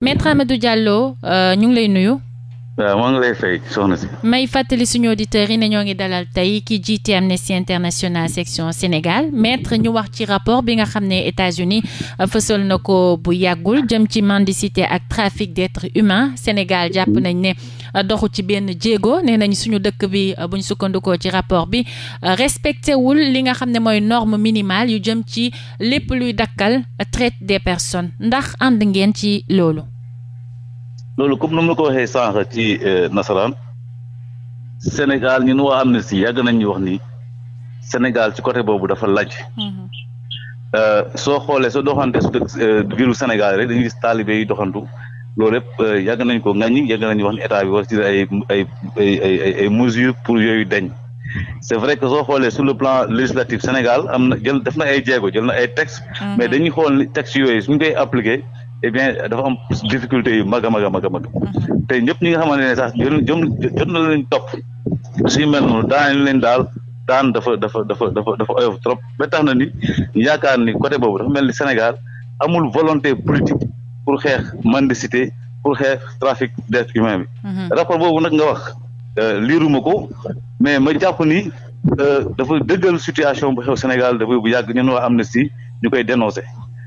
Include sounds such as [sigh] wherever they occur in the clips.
Maître Amadou Diallo euh, ñu ngi lay nuyu. may fàttali suñu auditeurs yi nañoo ngi dalal tey ki jiite Amnesty International section Sénégal maître ñu wax ci rapport bi nga xam ne États-Unis euh, fësal na ko bu yàggul jëm ci mendicité ak trafic d'êtres humains Sénégal jàpp mm-hmm. nañ ne. Euh, doxu ci benn jéego nee nañ suñu dëkk bi euh, buñ sukkandikoo ci rapport bi euh, respecté wul li nga xam ne mooy norme minimale yu jëm ci lépp luy dakkal traite des personnes ndax ànd ngeen ci loolu. loolu comme ni ma la ko waxee sànq ci nasaraan Sénégal ñun waa Amnesty yàgg nañ ñu wax ni Sénégal ci côté boobu dafa laaj. Mm-hmm. soo xoolee soo doxante su biiru Sénégal rek dañuy gis taalibe yi doxantu. loolu yëpp euh, yàgg nañ ko ngañ yàgg nañ wax ni état bi war ci ay ay ay ay mesures pour yooyu dañ c' est que soo xoolee sur le plan législatif Sénégal am na jël def na ay jéego jël na ay textes. Mhm. mais dañuy xool textes yooyu suñ koy appliqué et eh bien dafa am difficulté yu mag a mag a mag a mag mhm. te ñëpp ñi nga xamante ne sax jot jot na leen topp suñu mel noonu daan leen daal daan dafa dafa dafa dafa dafa oyof trop ba tax na ni yaakaar ni côté boobu dafa mel ni Sénégal amul volonté politique. pour xeex mendicité pour xeex trafic d'être bi mhm. rapport boobu nag nga wax euh, liiruma ko mais ma jàpp ni euh, dafa dëggal situation bu xew Sénégal dafay bu yàgg ñun waa Amnesty ñu koy dénoncer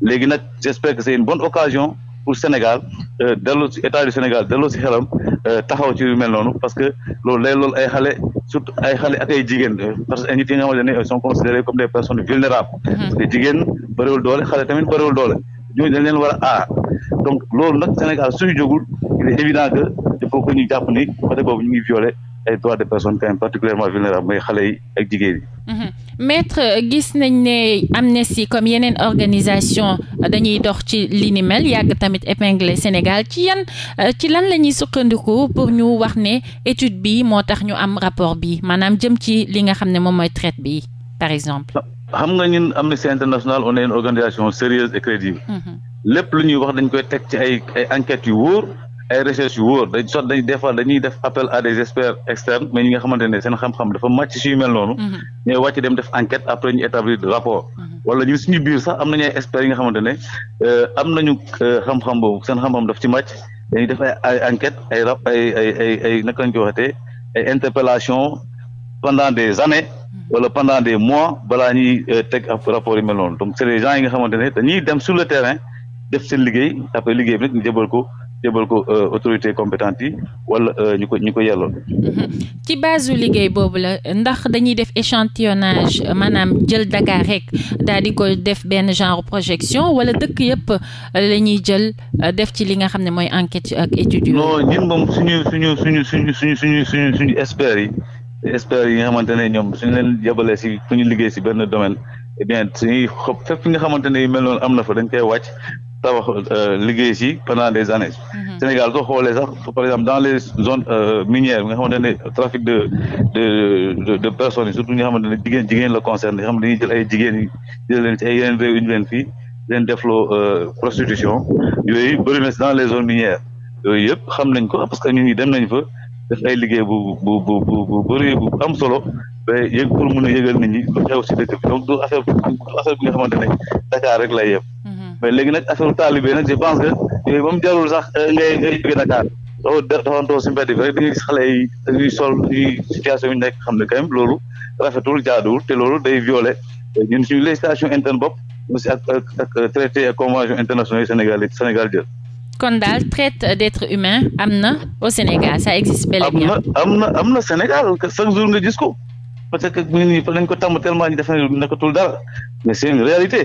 léegi nag j'espère que c'est une bonne occasion pour Sénégal euh, delloo ci état du Sénégal delloo ci xelam taxaw ci lu mel noonu parce que loolu lay loolu ay xale surtout ay xale ak ay jigéen parce que nit yi nga xamante ne sont considérés comme des personnes vulnérables mhm. parce que ñooñu dañ leen war a donc loolu nag Sénégal suñu jógul il est évident que il faut ñu jàpp ni côté boobu ñu ngi violer ay droits des personnes quand même particulièrement vulnérables mooy xale yi ak jigéen yi. Mhm. maître gis nañ ne Amnesty comme yeneen organisation dañuy dox ci li ni mel yàgg tamit épinglé Sénégal ci yan ci lan la ñuy sukkandiku pour ñu wax ne étude bi moo tax ñu am rapport bi maanaam jëm ci li nga xam ne moom mooy traite bi par exemple. Non. xam nga ñun Amnesty International on est une organisation sérieuse et crédible. Mm-hmm. lépp lu ñuy wax dañ koy teg ci ay ay enquêtes yu woor ay recherches yu wóor dañ soit dañ des fois dañuy def appel à des experts externes mais ñi nga xamante ne seen xam-xam dafa màcc si yu mel noonu. Mm-hmm. ñooy wàcc dem def enquête après ñu établir rapport. Mm-hmm. wala ñun suñu biir sax am nañu ay experts yi nga xamante ne euh, am nañu euh, xam-xam boobu seen xam-xam daf ci màcc dañuy def ay enquête ay rap ay ay ay ay naka lañ ko waxatee ay interpellation pendant des années. wala pendant des mois balaa ñuy euh, teg rapport yi mel noonu c'est des gens yi nga xamante ne dañuy dem sur le terrain def seen liggéey après liggéey bi nag ñu jëbal ko jëbal ko euh, autorité compétente yi wala euh, ñu ko ñu ko yelloon mhm. ci base liggéey boobu la ndax dañuy def échantillonnage maanaam jël Dakar rek daal di ko def benn genre projection wala dëkk yëpp la ñuy jël def ci li nga xam ne mooy enquête ak étude non ñun moom suñu suñu suñu suñu suñu suñu suñu suñu experts yi experts yi nga xamante ne ñoom suñu leen yabalee si fu ñu liggéey si benn domaine eh bien suñuy xob fépp fi nga xamante ne yu mel noonu am na fa dañ koy wàcc tabax euh, liggéey si pendant des années. Mm-hmm. Sénégal soo xoolee sax par exemple dans les zones euh, minières nga xamante ne trafic de de de personnes yi surtout ñi nga xamante ne jigéen ne dañuy jël ay jigéen yi jël leen ci ay yeneen leen fii leen defloo euh, prostitution yooyu bëri na dans les zones minières yooyu yëpp xam nañ ko parce que ñun ñi dem nañ fa. def ay liggéey bu bu bu bu bu am solo ba yëg pour mun a yëgal nit ñi lu xew si dëkk bi donc du affaire bi nga xamante ne rek lay yem. Mhm. mais léegi nag affaire taalibe nag je pense que yooyu moom jarul sax euh, ngay ngay jóge Dakar doo doxantoo si mbedd bi rek xale yi dañuy sol ci situation yi xam ne quand même loolu rafetul jaaduwul te loolu day violer ñun suñu législation interne bopp aussi ak ak traité ak convention internationale yu Sénégal Sénégal kon daal traite d'être humain am na au Sénégal ça existe bel et bien. am na am na Sénégal chaque jour nga gis ko parce que ñun ñii dañ ko tàmm tellement ñu def nekkatul dara mais c'est une réalité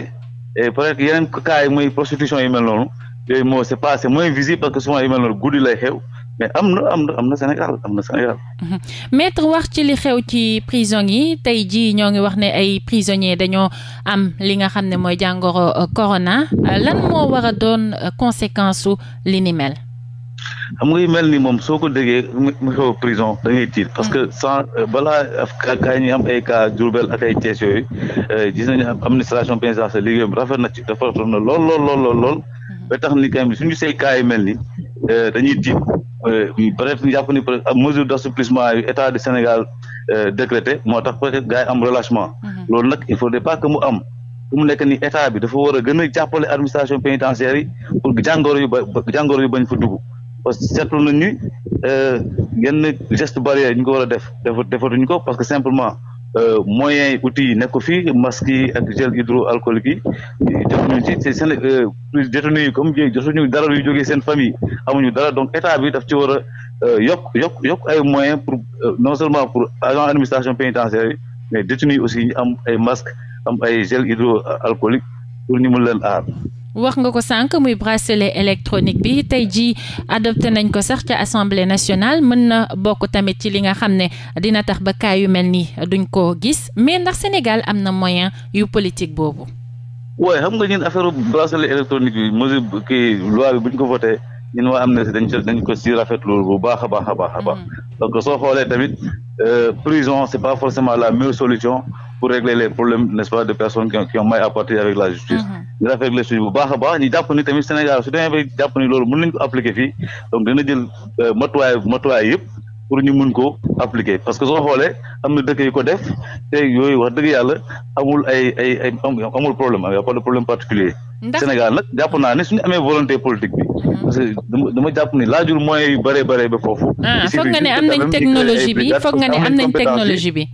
et peut être yeneen cas yi mooy prostitution yi mel noonu yooyu moo c'est pas c'est moins visible parce que souvent yu mel noonu guddi lay xew. mais am na am am na Sénégal am na Sénégal. [laughs] maître wax ci li xew ci prison yi tey jii ñoo ngi wax ne ay prisonniers dañoo am li nga xam ne mooy jàngoro euh, corona euh, lan moo war a doon euh, conséquence su li ni mel. xam nga mel ni moom soo ko déggee mu xew prison da ngay parce que mm. sans balaa kaa ñi am ay cas Diourbel ak ay Thiès yooyu gis nañu administration pénitentiaire liggéeyam rafet na ci dafa rafet na lool lool lool. ba tax ni quand même suñu see cas yi mel ni euh, dañuy tiit euh, peut-être ñu jàpp ni mesure d'assouplissement yu état du Sénégal euh, décrété moo tax peut-être gars yi am relâchement mhm. loolu nag il faudrait pas que mu am mu nekk ni état bi dafa war a gën a jàppale administration pénitentiaire yi pour jàngoro yu ba jàngoro yu bañ fa parce que seetlu nañ ni yenn geste barrière ñu ko war a def defatuñu ko parce que simplement Euh, moyens yi outils yi nekk fi masques yi ak gel hydroalcoolique yi jotuñu ci seen euh, détenus yi comme jotuñu dara luy jógee seen famille amuñu dara donc état bi daf ci war a euh, yokk yokk yokk ay moyen pour non seulement pour agent administration pénitentiaire yi mais détenus yi aussi ñu am ay masques am ay gel hydroalcoolique pour ñu mun leen aar wax nga ko sànq muy bracelet électronique bi tey jii adopté nañ ko sax ca assemblée nationale mën na bokk tamit ci li nga xam ne dina tax ba kaa yu mel nii duñ ko gis mais ndax Sénégal am na moyen yu politique boobu. waaye xam nga ñun affaire bracelet électronique bi mesure kii loi bi buñ ko voté. ñun waa Amnesty dañ ko dañ ko si rafetlu bu baax a baax a a baax mm. donc soo xoolee tamit euh, prison c'est pas forcément la meilleure solution pour régler les problèmes n'est-ce pas de personnes qui ont qui ont mal avec la justice. Mm-hmm. ñu rafetlu suñu bu baax a baax ñu jàpp ni tamit Sénégal su demee ba jàpp ni loolu mun nañu ko appliquer fii donc dina jël euh, matuwaay matuwaay yëpp. pour ñu mun ko appliquer parce que soo xoolee am na dëkk yu ko def te yooyu wax dëgg yàlla amul ay ay ay amul problème y a pas de problème particulier Sénégal naa ne suñu amee volonté politique bi mhm. parce que dama jàpp ni laajul moyens yu bëree bëree ba foofu ah, foog nga ne am nañ technologie bi foog nga ne am nañ technologie bi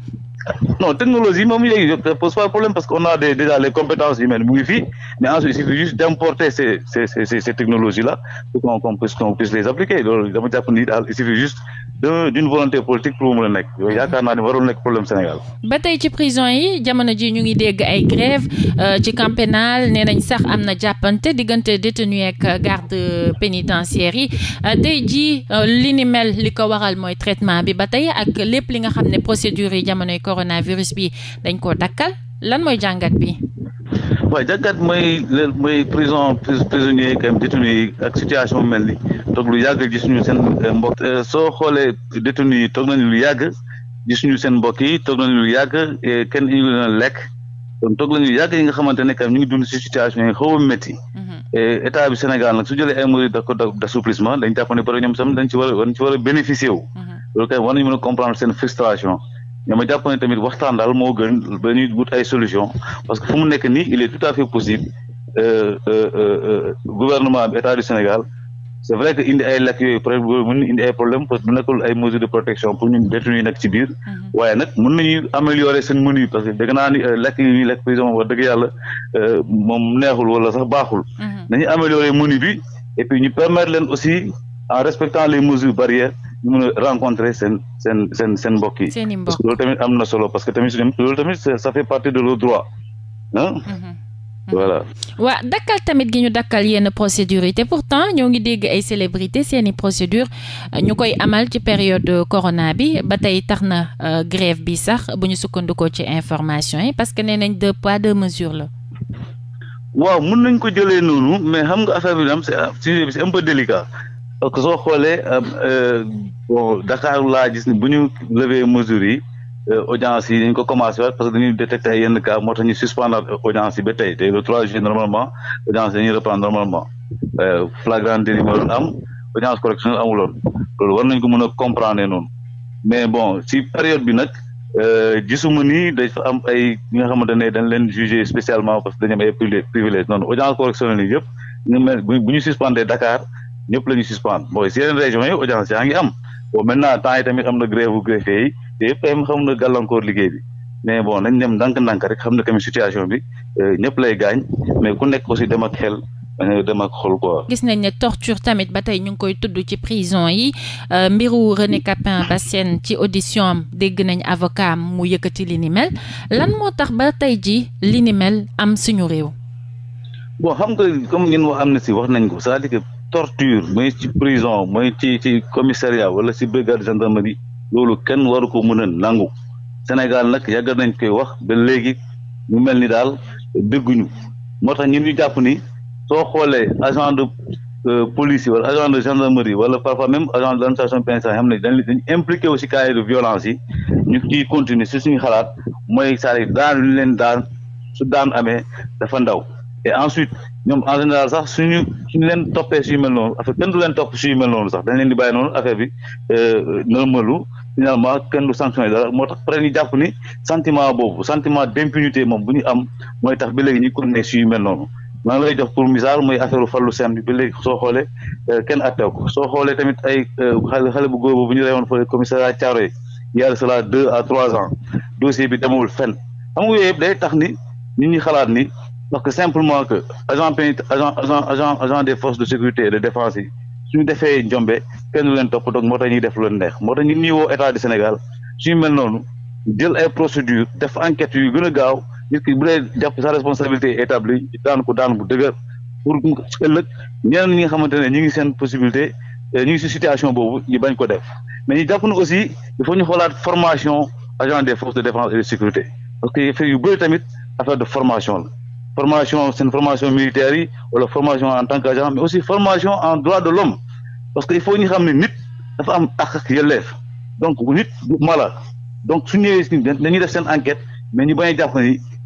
[laughs] non technologie moom léegi pose pas problème parce que on a des déjà les compétences humaines mu ngi fii mais ensuite il juste d'importer ces technologies là pour qu'on qu'on puisse les appliquer loolu dama jàpp daal il suffit juste d'une volonté politique pour mu mën a nekk yooyu yaakaar naa ne warul nekk problème Sénégal. ba tey ci prison yi jamono ji ñu ngi dégg ay grève euh, ci camp pénal sax am na jàppante diggante détenu ak garde pénitentiaire yi euh, tey jii euh, coronavirus bi dañ koo dakkal lan mooy jàngat bi. waaw jàngat mooy leen mooy prison prisonnier yi détenu yi ak situation mu mel ni toog lu yàgg gisuñu seen euh, mbokk euh, soo xoolee détenu yi toog nañu lu yàgg gisuñu seen mbokk yi toog nañu lu yàgg kenn indi leen lekk kon toog nañu yàgg yi nga xamante ne ñu ngi dund si situation yi xaw a mhm. état bi Sénégal nag su jëlee ay mesures d'assouplissement dañ jàpp ne bari ñoom sam dañ ci war a dañ ci a bénéficier wu mhm. loolu kay war nañu mën a comprendre seen frustration dama jàpp ne tamit waxtaan daal moo gën ba ñuy wut ay solution parce que fu mu nekk nii il est tout à fait possible euh, euh, euh, gouvernement bi état du Sénégal c'est vrai que indi ay lakk yooyu peut être mën na indi ay problème parce que du nekkul ay mesures de protection pour ñun détenu mhm. parce que dégg naa ni lakk yi ñuy lakk prison wax dëgg neexul wala sax baaxul mhm. nañu améliorer menu bi et puis ñu permettre leen aussi en respectant les mesures barrières ñu mun a rencontrer seen seen seen seen mbokk yi. parce que loolu tamit am na solo parce que tamit loolu tamit ça fait partie de nos droits mm-hmm. Mm-hmm. waa dakkal tamit gi ñu dakkal yenn procédures yi te pourtant ñoo ngi dégg ay célébrité seeni procédure ñu koy amal ci période corona bi ba tey tax na euh, grève bi sax bu ñu sukkandikoo ci information yi parce que nee nañ deux poids deux mesures la. waaw mën nañ ko jëlee noonu mais xam nga affaire bi daam c'est un peu délicat. parce que soo xoolee euh, euh, bon Dakar laa gis ni bu ñu lever mesures yi euh, audience yi dañ ko commencé waat parce que dañuy détecté ay yenn cas moo ñu suspendre audience yi ba tey te le 3 juillet normalement audience yi dañuy reprendre normalement flagrant délit moo doon am audience correctionnelle amuloon loolu war nañ ko mën a comprendre noon mais bon si période bi nag gisuma ni dafa am ay ñi nga xamante ne dañ leen jugé spécialement parce que dañu am ay privilège noonu audience correctionnelle yi ñépp la ñu suspendre mooy si yeneen régions yi audience yaa ngi am bon maintenant temps yi tamit am na grève bu greffier yi te yëpp tamit xam na gàllankoor liggéey bi mais bon nañ dem ndànk-ndànk rek xam na tamit situation bi euh, ñëpp lay gaañ mais ku nekk aussi dem ak xel dem ak xol ko gis nañ ne torture tamit ba tey ñu ngi koy tudd ci prison yi euh, mbiru René Capin Bassène ci audition am dégg nañ avocat am mu yëkkati li ni mel lan moo tax ba tey ji li ni am suñu réew. xam nga comme ñun wax am na si wax nañ ko cest à torture mooy ci prison mooy ci ci commissariat wala ci brigade gendarmerie loolu kenn waru ko mën a nangu Sénégal nag yàgg nañ koy wax ba léegi mu mel ni daal dégguñu moo tax ñun ñu jàpp ni soo xoolee agent de euh, police wala agent de gendarmerie wala parfois même agent de l'administration pénitentiaire xam ne dañ dañ impliqué aussi cas violence yi ñu ciy continuer si suñu xalaat mooy saa yi daan lu leen daan su daan amee dafa ndaw ensuite ñoom en général sax suñu suñu leen toppee suy mel kenn du leen sax dañ leen di noonu affaire euh, normalu finalement kenn du sanction yi dara moo tax pare ñu jàpp ni sentiment boobu sentiment d'impunité moom bu ñu am mooy tax ba léegi ñu continuer suy mel noonu maa ngi lay jox pour misaal muy affaire fallu seen bi léegi soo xoole euh, kenn attew ko soo xoolee tamit ay euh, xale xale bu góor bu ñu reyoon fële commissariat Thiaroye yàlla cela deux à trois ans dossier bi demawul fenn xam nga yooyu ni parce que simplement que agent pénit agent agent agent des forces de sécurité et de défense yi suñu defee njombe kenn du leen topp donc moo tax ñuy def lu leen neex moo tax ñu niveau état du Sénégal suñu mel noonu jël ay procédure def enquête yu gën a gaaw nit ki bu dee jàpp sa responsabilité établie daan ko daan bu dëgër pour ëllëg ñeneen ñi nga xamante ne ñu ngi seen possibilité euh, ñu ngi si situation boobu ñi bañ ko def mais ñu jàpp na aussi il ñu xoolaat formation agent de défense et de sécurité parce que bëri tamit affaire de formation la formation seen formation militaire yi wala formation en tant qu'agent mais aussi formation en droit de l'homme parce que il faut ñu xam ne nit dafa am àq ak yelleef donc nit mala donc su ñëwee si dañuy def seen enquête mais ñu bañ a jàpp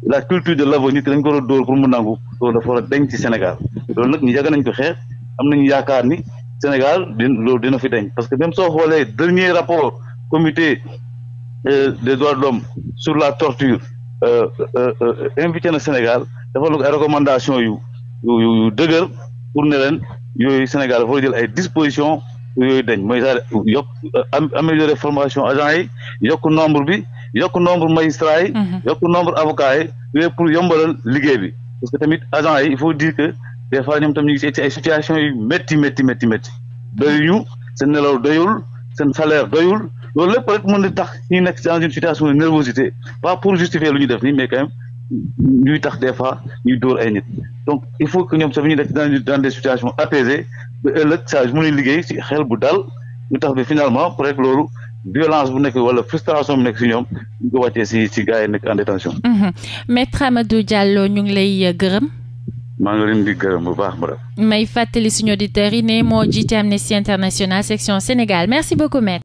la culture de l'avenir dañ ko war a dóor pour mu nangu loolu dafa war a denc ci Sénégal loolu nag ñu yàgg nañ ko xeex am nañu yaakaar ni Sénégal di loolu dina fi denc parce que même soo xoolee dernier rapport comité euh, des droits de l'homme sur la torture Euh, euh, euh, invité na Sénégal defal ko ay recommandation yu yu yu dëgër pour ne leen yooyu Sénégal dafa jël ay dispositions yooyu dañ mooy sax yokk améliorer formation agent yi yokk nombre bi yokk nombre magistrat yi mhm. yokk nombre avocat yi yooyu pour yombalal liggéey bi parce que tamit agent yi il faut dire que des fois ñoom tam ñu ngi ci ay situation yu métti métti métti métti doyuñu seen nelaw doyul seen salaire doyul loolu lépp rek mën na tax ñu nekk dans une situation nervosité pas pour justifier lu ñu def nii mais quand même tax des fois ñuy ay nit donc il faut que ñoom sax ñu nekk dans dans des situations apaisées ba ëllëg saa yu a liggéey si xel bu dal ñu tax bi finalement peut être loolu. violence bu nekk wala frustration bu nekk si ñoom ñu ko wàccee si si gars yi nekk en détention. Mhm. maître Amadou Diallo ñu ngi lay gërëm. maa ngi leen di gërëm bu baax madame. may fàttali